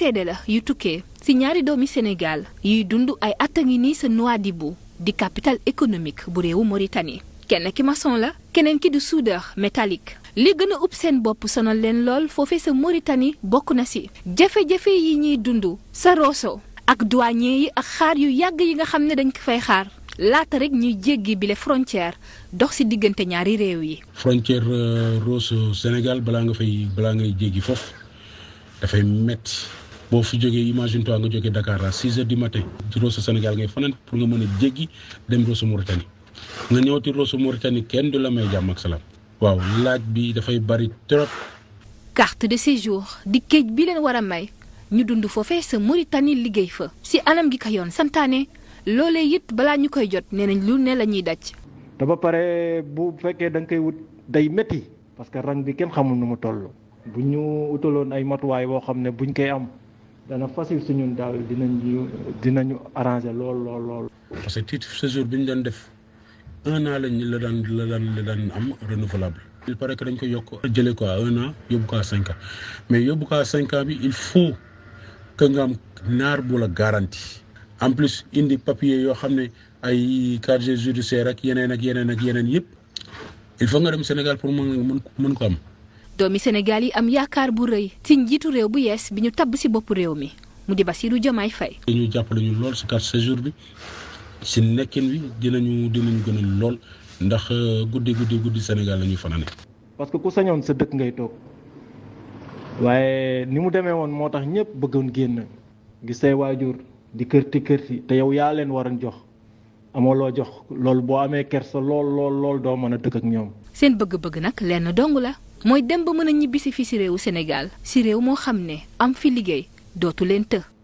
seede la yu tukkee ci ñaari doomi Sénégal yuy dund ay at a ngi nii sa Nouadhibou di capitale économique bu réew Mauritanie kenn ki maçon la keneen ki di soudeur métallique li gën a ub seen bopp sonal leen lool foofee sa Mauritanie bokk na ci jafe-jafe yi ñuy dund sa Rosso ak douanier yi ak xaar yu yàgg yi nga xam ne dañ ko fay xaar laata rek ñuy jéggi bile frontière dox ci diggante ñaari réew yi. frontière euh, Rosso Sénégal balaa nga fay balaa ngay jéggi foofu boo fi jógee imagine toi nga jógee Dakar à 6 heures du matin ci Rosso Sénégal ngay fanaan pour nga mën a jéggi dem Rosso Mauritanie nga ñëw ci Rosso Mauritanie kenn du la may jàmm ak salaam waaw laaj bi dafay bari trop. carte de séjour di géej bi leen war a may ñu dund foofee sa Mauritanie liggéey fa si anam gi ko yoon santaane loolee it balaa ñu koy jot nee nañ lu ne la ñuy daj. te ba pare bu fekkee da nga koy wut day métti parce que rang bi kenn xamul nu mu toll bu ñu utaloon ay matuwaay boo xam ne buñ koy am. dana facile su ñun daal dina ñu arranger lool lool lool. parce que titre séjour bi ñu doon def un an lañ la daan la daan la daan am renouvelable. il paraît que dañ ko yokk jëlee ko à un an yóbbu ko à cinq ans mais yóbbu ko à cinq ans bi il faut que nga am naar bu la garantie. en plus indi papier yoo xam ne ay casier judiciaire ak yeneen ak yeneen ak yeneen yëpp il faut nga dem Sénégal pour mën mën ko am. doomi Sénégal yi am yaakaar bu rëy ci njiitu réew bu yees bi ñu tabb ci bopp réew mi mu di Bassirou Diomaye du ñu jàppale ñu lool ci carte séjour bi ci nekkin wi dinañu dinañu gën a lool ndax euh, guddi guddi guddi Sénégal la ñuy fanaane. parce que ku sañoon sa dëkk ngay toog waaye ni mu demee woon moo tax ñëpp bëggoon génn gis say waajur di kërti kërti te yow yaa leen waroon jox. amoo loo jox loolu boo amee kersa lool lool lool doo mën a dëkk ak ñoom. seen nag mooy dem ba mën a ñibbisi fi ci réewu senegal ci réew moo xam ne am fi liggéey dootu leen të.